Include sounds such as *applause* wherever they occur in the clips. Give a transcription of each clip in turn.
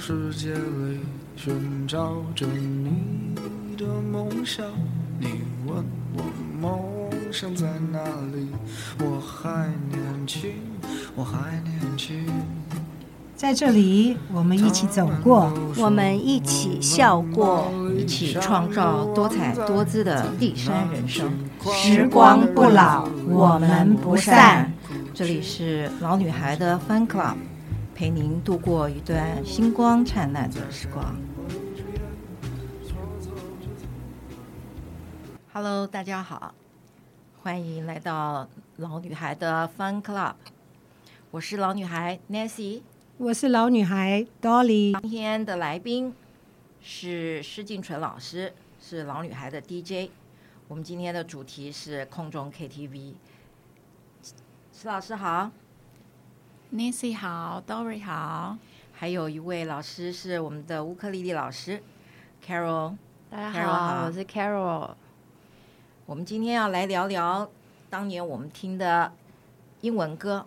世界裡尋找着你的夢想，你問我夢想在哪裡？我還年輕，我還年輕。在這裡，我們一起走過，我們一起笑過，一起創造多彩多姿的第三人生。時光不老，我們不散。這裡是老女孩的 Fun Club。陪您度過一段星光燦爛的時光。哈嘍，大家好，歡迎來到老女孩的 Fun Club，我是老女孩 Nancy，我是老女孩 Dolly。今天的來賓是施靜純老師，是老女孩的 DJ。我們今天的主題是空中 KTV。施老師好。Nancy 好，Dory 好，還有一位老師是我們的烏克麗麗老師 Carol。大家好，我是 Carol。我們今天要來聊聊當年我們聽的英文歌。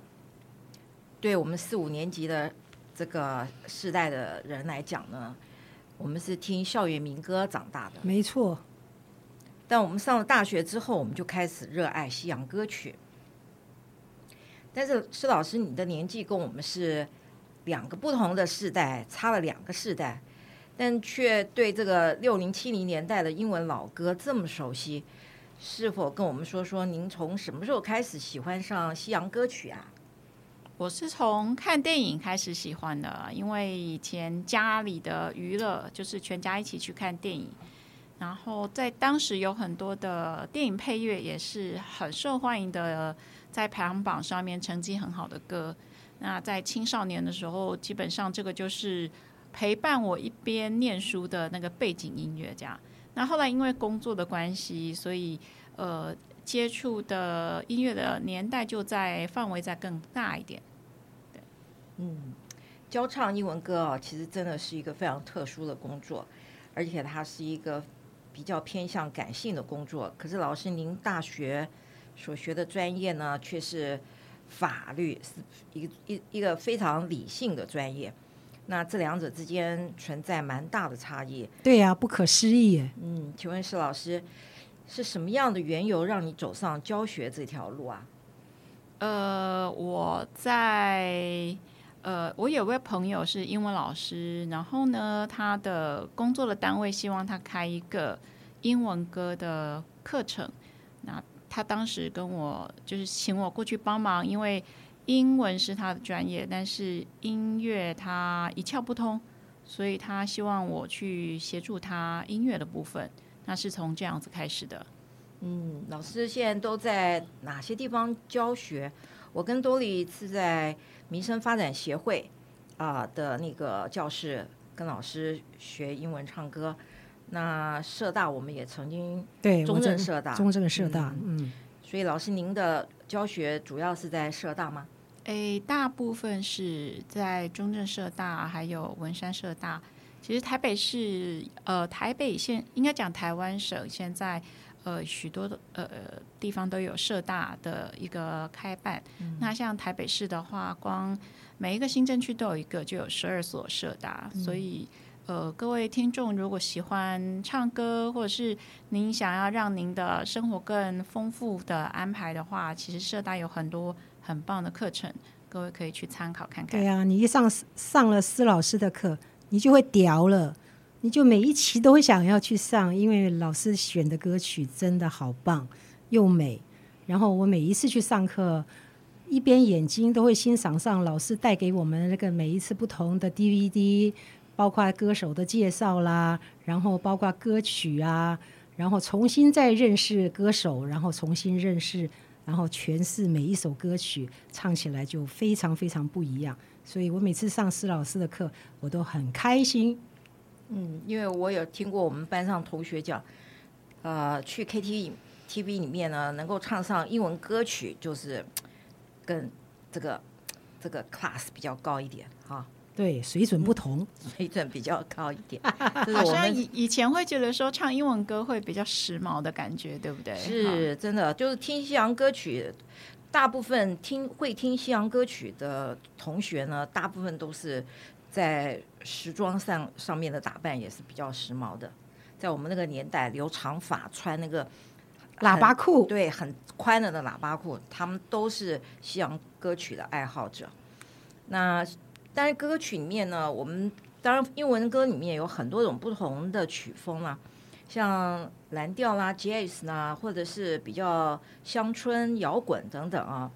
對我們四五年級的這個世代的人來講呢，我們是聽校園民歌長大的。沒錯，但我們上了大學之後，我們就開始熱愛西洋歌曲。但是施老師，你的年紀跟我們是兩個不同的世代，差了兩個世代，但卻對這個六零七零年代的英文老歌這麼熟悉，是否跟我們說說您從什麼時候開始喜歡上西洋歌曲啊？我是從看電影開始喜歡的，因為以前家裡的娛樂就是全家一起去看電影，然後在當時有很多的電影配樂也是很受歡迎的。在排行榜上面成績很好的歌，那在青少年的時候，基本上這個就是陪伴我一邊念書的那個背景音樂，這樣。那後來因為工作的關係，所以呃，接觸的音樂的年代就在範圍再更大一點。對，嗯，教唱英文歌啊、哦，其實真的是一個非常特殊的工作，而且它是一個比較偏向感性的工作。可是老師，您大學？所學的專業呢，卻是法律，是一個一一,一個非常理性的專業。那這兩者之間存在蠻大的差異。對呀、啊，不可思議。嗯，請問施老師，是什麼樣的緣由讓你走上教學這條路啊？呃，我在呃，我有位朋友是英文老師，然後呢，他的工作的單位希望他開一個英文歌的課程，那。他當時跟我就是請我過去幫忙，因為英文是他的專業，但是音樂他一竅不通，所以他希望我去協助他音樂的部分，那是從這樣子開始的。嗯，老師現在都在哪些地方教學？我跟多里是在民生發展協會啊，呃，的那個教室跟老師學英文唱歌。那社大我們也曾經對中正社大，正中正社大嗯，嗯，所以老師您的教學主要是在社大嗎？誒，大部分是在中正社大，還有文山社大。其實台北市，呃，台北縣應該講台灣省現在，呃，許多的呃地方都有社大的一個開辦，嗯。那像台北市的話，光每一個行政區都有一個，就有十二所社大，所以。嗯呃，各位聽眾，如果喜歡唱歌，或者是您想要讓您的生活更豐富的安排的話，其實社大有很多很棒的課程，各位可以去參考看看。對呀、啊，你一上上了施老師的課，你就會屌了，你就每一期都會想要去上，因為老師選的歌曲真的好棒又美。然後我每一次去上課，一邊眼睛都會欣賞上老師帶給我們那個每一次不同的 DVD。包括歌手的介紹啦，然後包括歌曲啊，然後重新再認識歌手，然後重新認識，然後詮釋每一首歌曲，唱起來就非常非常不一樣。所以我每次上施老師的課，我都很開心。嗯，因為我有聽過我們班上同學講，呃，去 KTV TV 裡面呢，能夠唱上英文歌曲，就是跟這個這個 class 比較高一點啊。哈對，水準不同，嗯，水準比較高一點。 *laughs* 好像以以前會覺得說唱英文歌會比較時髦的感覺，對不對？是，真的，就是聽西洋歌曲，大部分聽會聽西洋歌曲的同學呢，大部分都是在時裝上上面的打扮也是比較時髦的。在我們那個年代，留長髮，穿那個喇叭褲，對，很寬的的喇叭褲，他們都是西洋歌曲的愛好者。那。但是歌曲裡面呢，我們當然英文歌裡面有很多種不同的曲風啦、啊，像藍調啦、jazz 啦，或者是比較鄉村搖滾等等啊。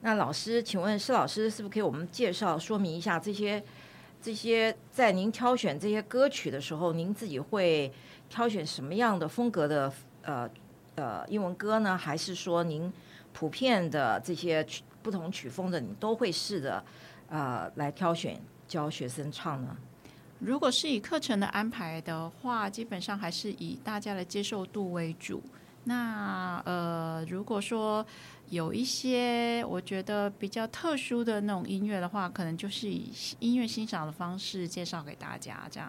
那老師，請問施老師，是不是可以給我們介紹、說明一下這些這些，在您挑選這些歌曲的時候，您自己會挑選什麼樣的風格的呃呃英文歌呢？還是說您普遍的這些不同曲風的，你都會試的？呃，來挑選教學生唱呢？如果是以課程的安排的話，基本上還是以大家的接受度為主。那呃，如果說有一些我覺得比較特殊的那種音樂的話，可能就是以音樂欣賞的方式介紹給大家，這樣。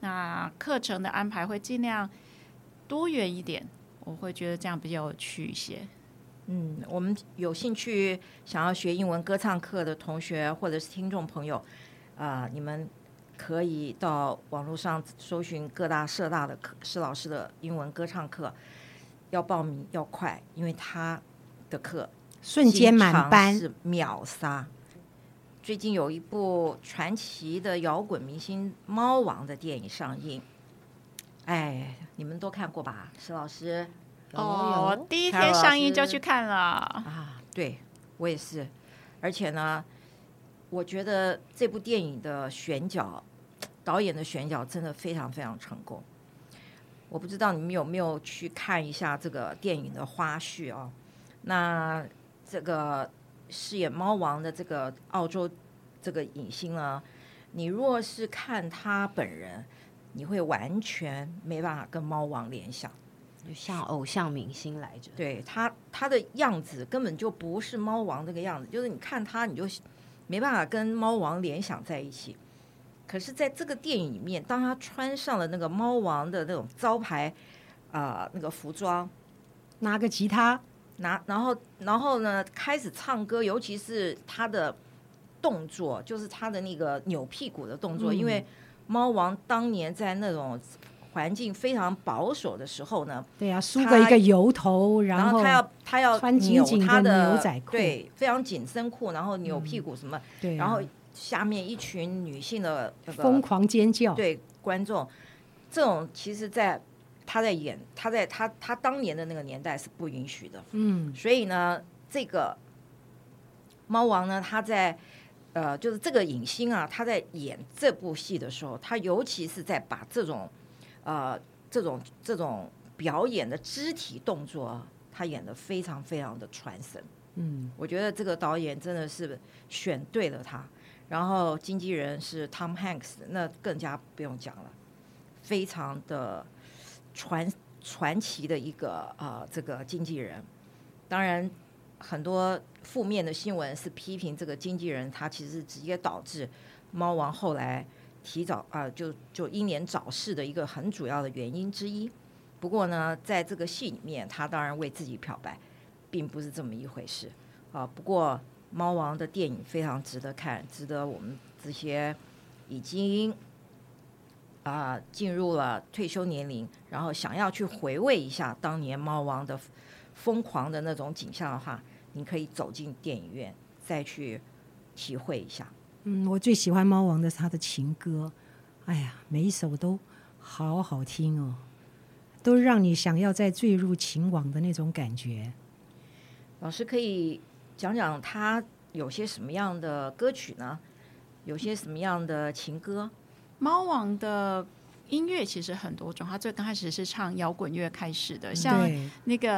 那課程的安排會盡量多元一點，我會覺得這樣比較有趣一些。嗯，我們有興趣想要學英文歌唱課的同學或者是聽眾朋友，啊、呃，你們可以到網絡上搜尋各大社大的課，施老師的英文歌唱課，要報名要快，因為他的課瞬間滿班，是秒殺。最近有一部傳奇的搖滾明星貓王的電影上映，哎，你們都看過吧，施老師？哦，第一天上映就去看了啊！對，我也是，而且呢，我覺得這部電影的選角，導演的選角真的非常非常成功。我不知道你們有沒有去看一下這個電影的花絮啊、哦？那這個飾演貓王的這個澳洲這個影星呢，你如果是看他本人，你會完全沒辦法跟貓王聯想。就像偶像明星來着，對，他他的樣子根本就不是貓王那個樣子，就是你看他，你就沒辦法跟貓王聯想在一起。可是，在這個電影裡面，當他穿上了那個貓王的那種招牌啊、呃、那個服裝，拿個吉他，拿然後然後呢開始唱歌，尤其是他的動作，就是他的那個扭屁股的動作，嗯、因為貓王當年在那種。環境非常保守的時候呢，對呀、啊，梳個一個油頭，然後他要他要他穿緊他的牛仔褲，對，非常緊身褲，然後扭屁股什麼，嗯、對、啊，然後下面一群女性的、這個、瘋狂尖叫，對觀眾，這種其實在，在他在演他在他他當年的那個年代是不允許的，嗯，所以呢，這個貓王呢，他在呃，就是這個影星啊，他在演這部戲的時候，他尤其是在把這種呃，這種這種表演的肢體動作，他演得非常非常的傳神。嗯，我覺得這個導演真的是選對了他，然後經紀人是 Tom Hanks，那更加不用講了，非常的傳傳奇的一個啊、呃、這個經紀人。當然，很多負面的新聞是批評這個經紀人，他其實直接導致《貓王》後來。提早啊，就就英年早逝的一個很主要的原因之一。不過呢，在這個戲裡面，他當然為自己漂白，並不是這麼一回事啊。不過，貓王的電影非常值得看，值得我們這些已經啊進入了退休年齡，然後想要去回味一下當年貓王的瘋狂的那種景象的話，你可以走進電影院再去體會一下。嗯，我最喜歡貓王的他的情歌，哎呀，每一首都好好聽哦，都讓你想要再墜入情網的那種感覺。老師可以講講他有些什麼樣的歌曲呢？有些什麼樣的情歌？嗯，貓王的音樂其實很多種，他最剛開始是唱搖滾樂開始的，像那個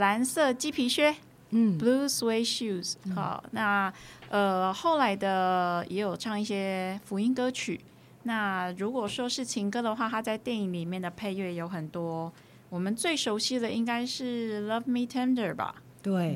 藍色雞皮靴。 *music* 嗯，Blue suede shoes，嗯。好，那呃，後來的也有唱一些福音歌曲。那如果說是情歌的話，他在電影裡面的配樂有很多。我們最熟悉的應該是《Love Me Tender》吧？對。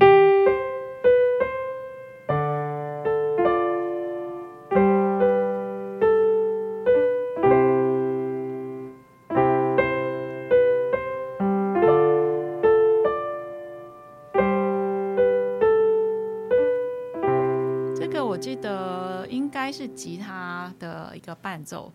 吉他的一個伴奏，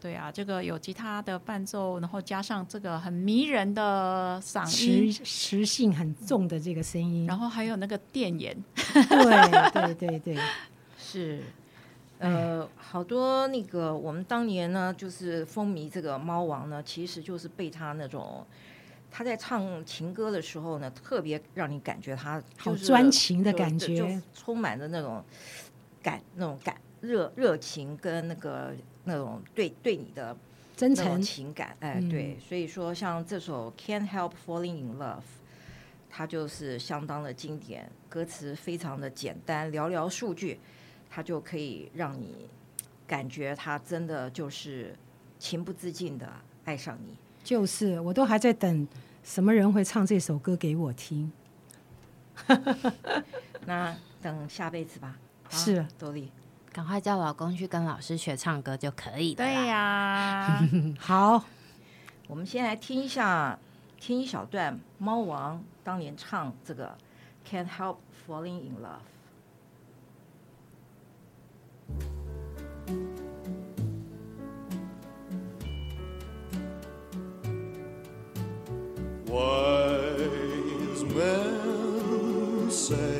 對啊，這個有吉他的伴奏，然後加上這個很迷人的嗓音，磁性很重的這個聲音，然後還有那個電眼，對對對對， *laughs* 是，呃，好多那個我們當年呢，就是風靡這個貓王呢，其實就是被他那種他在唱情歌的時候呢，特別讓你感覺他好專情的感覺，就就充滿着那種感，那種感。熱熱情跟那個那種對對你的真誠情感，哎、嗯，對，所以說像這首《Can't Help Falling in Love》，它就是相當的經典，歌詞非常的簡單，寥寥數句，它就可以讓你感覺他真的就是情不自禁的愛上你。就是，我都還在等什麼人會唱這首歌給我聽。 *laughs* *laughs* 那等下輩子吧。是，多麗。趕快叫老公去跟老師學唱歌就可以的啦！對呀、啊， *laughs* 好，我們先來聽一下，聽一小段貓王當年唱這個《Can't Help Falling in Love》。Wise men say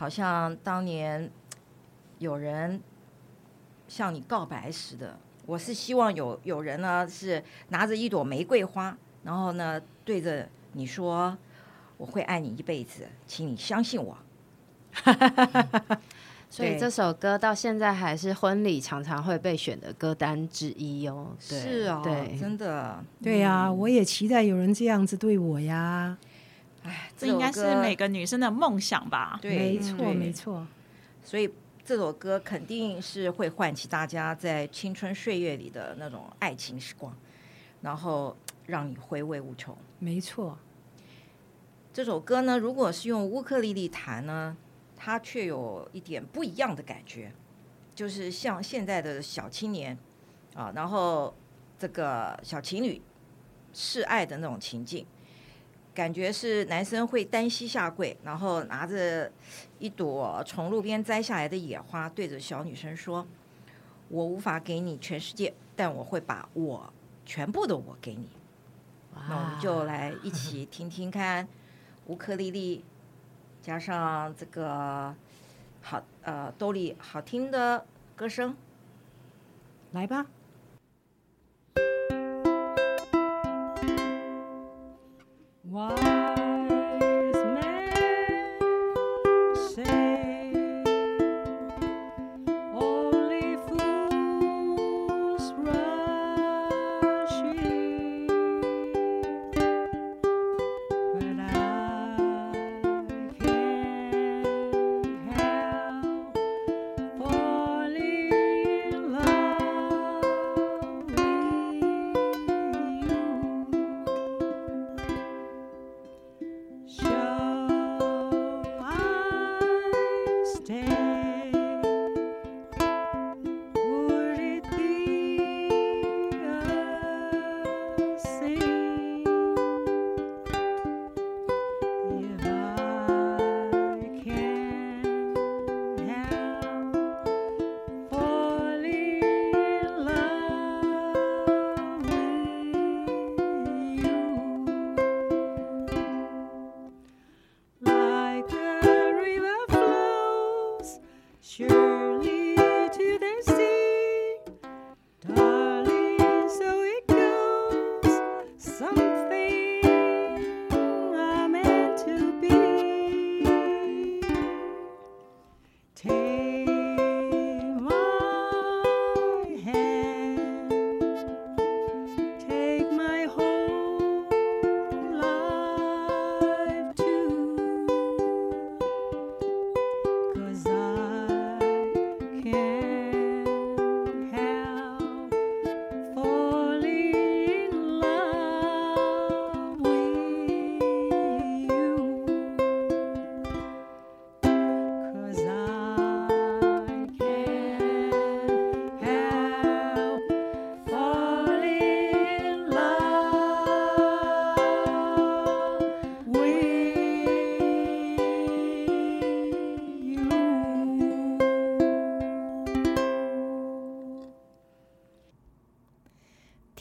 好像當年有人向你告白似的。我是希望有有人呢，是拿着一朵玫瑰花，然後呢對着你說：“我會愛你一輩子，請你相信我。” *laughs* 嗯所以這首歌到現在還是婚禮常常會被選的歌單之一哦。是哦，對，真的，嗯、對呀、啊，我也期待有人這樣子對我呀。哎，這應該是每個女生的夢想吧？對，沒錯，沒錯。所以這首歌肯定是會喚起大家在青春歲月裡的那種愛情時光，然後讓你回味無窮。沒錯，這首歌呢，如果是用烏克麗麗彈呢，它卻有一點不一樣的感覺，就是像現在的小青年啊，然後這個小情侶示愛的那種情境。感覺是男生會單膝下跪，然後拿着一朵從路邊摘下來的野花，對着小女生說：“我無法給你全世界，但我會把我全部的我給你。”那我們就來一起聽聽看，烏克麗麗加上這個好呃兜里好聽的歌聲，來吧。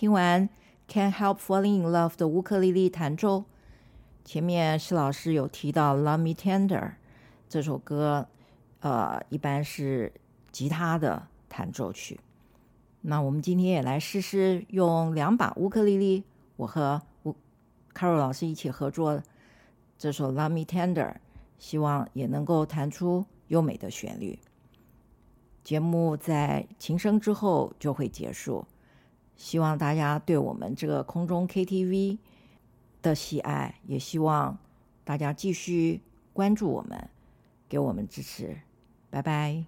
聽完《Can't Help Falling in Love》的烏克麗麗彈奏，前面施老師有提到《Love Me Tender》這首歌，呃，一般是吉他的彈奏曲。那我們今天也來試試用兩把烏克麗麗，我和我 Carol 老師一起合作這首《Love Me Tender》，希望也能夠彈出優美的旋律。節目在琴聲之後就會結束。希望大家對我們這個空中 KTV 的喜愛，也希望大家繼續關注我們，給我們支持，拜拜。